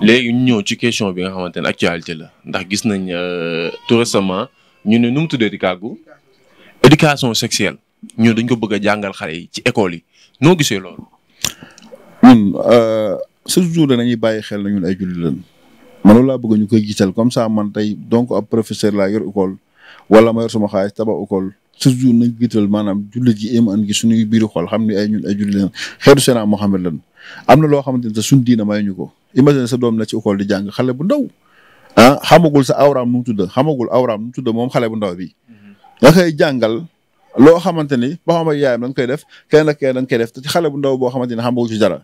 léegi ñu ñëw ci question bi nga xamante ne actualité la ndax gis nañ euh, tout récemment ñu ne nu mu tuddee di kàggu éducation sexuelle ñoo dañ ko bëgg a jàngal xale yi ci école yi noo gisee loolu. ñun euh, chaque jour dañuy bàyyi xel nañu ñun ay jullit lañ man laa bëgg ñu koy jiital comme ça man tey donc ab professeur laa yor école wala ma yor sama xaalis tabax école toujours nañ jiital maanaam jullit ji iman gi suñuy biir xol xam ne ay ñun ay jullit lañ xeetu seenaa Muhammad lan am na loo xamante ne suñ diina may ñu ko imagine sa doom la ci école di jàng xale bu ndaw ah xamagul sa awraam nu mu tudd xamagul awraam nu mu tudd moom xale bu ndaw bi nga mm-hmm. koy jàngal loo xamante ni ba xam yaayam da nga koy def kenn ak kenn da nga koy def te ci xale bu ndaw boo xamante ni xamagul ci dara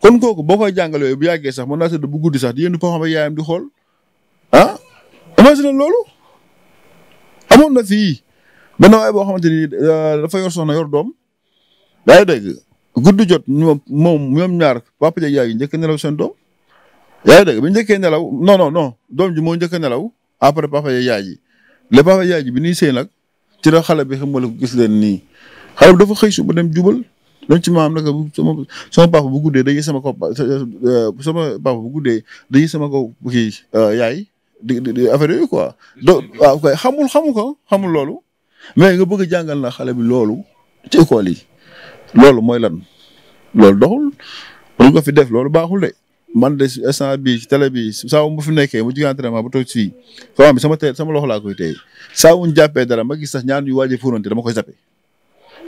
kon kooku boo koy jàngal yooyu bu yàggee sax mën naa tëdd bu guddi sax di yéen ba xam yaayam di xool ah imagine loolu amoon na fii benn waay boo xamante ni euh, dafa yor soxna yor doom yaa ngi dégg guddi jot ñoom moom ñoom ñaar papa ja yaay njëkk nelaw seen doom yaa ngi dégg bi njëkkee nelaw non non non doom ji moo njëkk nelaw après papa ja yaay le papa yaay ji bi nii sëy nag ci la xale bi xam nga gis leen nii xale dafa xëy su ba dem jubal dem ci maam nag sama sama papa bu guddee day sama ko sama papa bu guddee day sama ko kii euh, yaay di affaire yooyu quoi. xamul xamu ko xamul loolu. mais nga bëgg a jàngal na xale bi loolu ci école yi loolu mooy lan loolu doxul lu ko fi def loolu baaxul de man de instant bi ci télé bi saa bu fi nekkee mu jugee entraînement ba toog fii xaw bi sama tey sama loxo laa koy tey saa wu ñu jàppee dara ma gis sax ñaan yu waajee fóonante dama koy zappe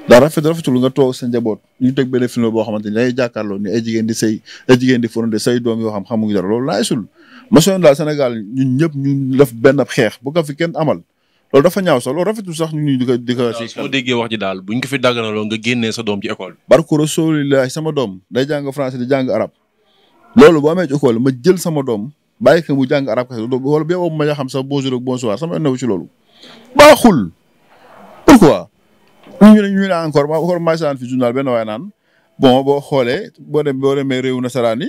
daa rafet rafetul nga toog sa njaboot ñu teg be film boo xamante ni dangay jàkkaarloo ni ay jigéen di say ay di fóonante say doom yoo xam xamuñu dara loolu laa sul ma soon daal Sénégal ñun ñëpp ñu def benn xeex bu ko fi kenn amal loolu dafa ñaaw sax loolu rafetul sax ñu di ko di wax ji daal buñ ko fi dàgganaloo nga génnee sa doom ci école bi. barko rasulilah sama doom day jàng français di jàng loolu boo amee ci école ma jël sama doom bàyyi ko mu jàng arab kese wala bi ma nga xam sax bonjour ak bonsoir sama naw ci loolu baaxul pourquoi. ñu ne ñu ne encore ma encore maa ngi seetaan fi naan bon boo xoolee boo dem boo demee réew nasaraan yi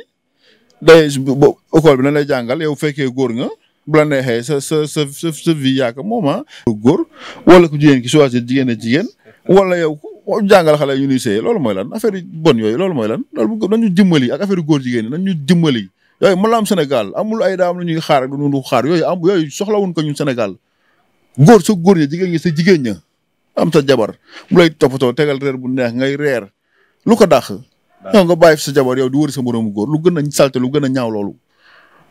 day école bi lan lay jàngal yow fekkee góor nga. bu la neexee sa sa sa sa sa ah. góor wala ku jigéen ki choisir jigéen ak jigéen wala yow jàngal xale yu ñuy seey loolu mooy lan affaire yu bon yooyu loolu mooy lan loolu bu nañu dimbali ak affaire góor jigéen na ñu dimbali. yooyu mën la am Sénégal amul ay daam lu xaar ak ñu xaar yooyu am yooyu soxlawuñ ko ñun senegal góor sa góor ña jigéen ñi sa jigéen ña am sa jabar mu lay toppatoo tegal reer bu neex ngay reer lu ko dàq. yow nga bàyyi fi sa jabar yow di wër sa moroomu góor lu gën a salte lu gën a ñaaw loolu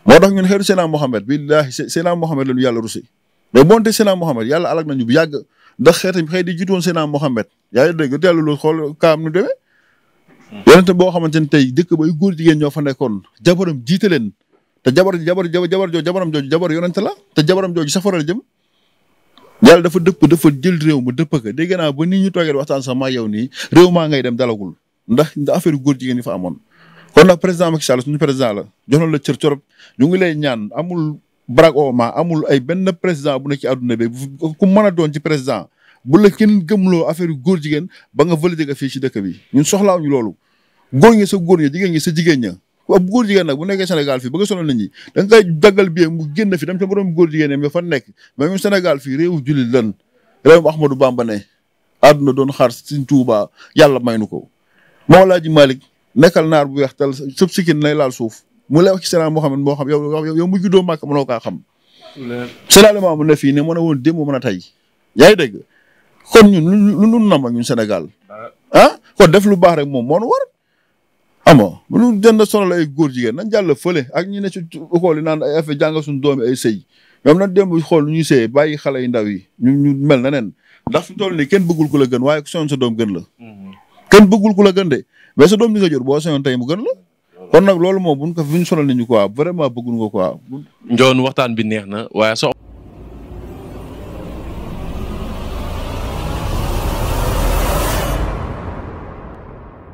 moo tax ñun xeetu Seydina Mohamed billahi Seydina Mohamed la ñu yàlla rusi mais bonte Seydina Mohamed yàlla alak nañu bu yàgg ndax xeetam xëy di jiitu woon Seydina Mohamed yaa ngi dégg yàlla loolu xool kaam nu demee. yonente boo xamante ni tey dëkk ba ay góor jigéen ñoo fa nekkoon jabaram jiite leen te jabar jabar jabar jooju jabaram jooju jabar yonente la te jabaram jooju safara la jëm. yàlla dafa dëpp dafa jël réew ma dëpp ka dégg naa ba nit ñu toogee waxtaan sax maa yow nii réew maa ngay dem dalagul ndax affaire góor jigéen ñi fa amoon kon nag président Macky Sall suñu président la jox na la cër torop ñu ngi lay ñaan amul Barack Obama amul ay benn président bu nekk ci àdduna bi ku mën a doon ji président bu la kenn gëmloo affaire góor jigéen ba nga validé a fii si dëkk bi ñun soxlaawuñu loolu góor ñi sa góor ñi jigéen ñi sa jigéen ña ab góor jigéen na bu nekkee Sénégal fii ba nga sonal nit ñi da nga koy daggal bi mu génn fi dem ca borom góor jigéen ñam ya fa nekk mais mu Sénégal fii réewu jullit lan réewum Ahmadou Bamba ne àdduna doon xaar Sëriñ Tuubaa yàlla may nu ko Mawlaaji Malick nekkal naar bu weex tal sëb sikkin lay laal suuf mu lay wax ci Seydina Muhammad xam yow yow mu juddoo màkk mënoo kaa xam. Seydina Limaamu ne fii ne mën a woon démb mën a tey yaa ngi dégg kon ñun lu lu nama ñun Sénégal ah. ah kon def lu baax rek moom moo nu war ama lu jënd sonal lay góor jigéen nañ jàll fële ak ñu ne ci école yi naan ay affaire jàngal suñu doomi ay sëy ñoom nag démb xool lu ñuy sëy bàyyi xale yu ndaw yi ñu ñu mel na neen ndax fi toll nii kenn bëggul ku la gën waaye ku soon doom gën la hmm. kenn bëggul ku la gën de mais sa doom bi nga jur boo sañoon tey mu gën la. loolu moom bu ñu ko fi ñu sonal nit ñi quoi vraiment bëgguñ ko quoi. waxtaan bi neex na waaye so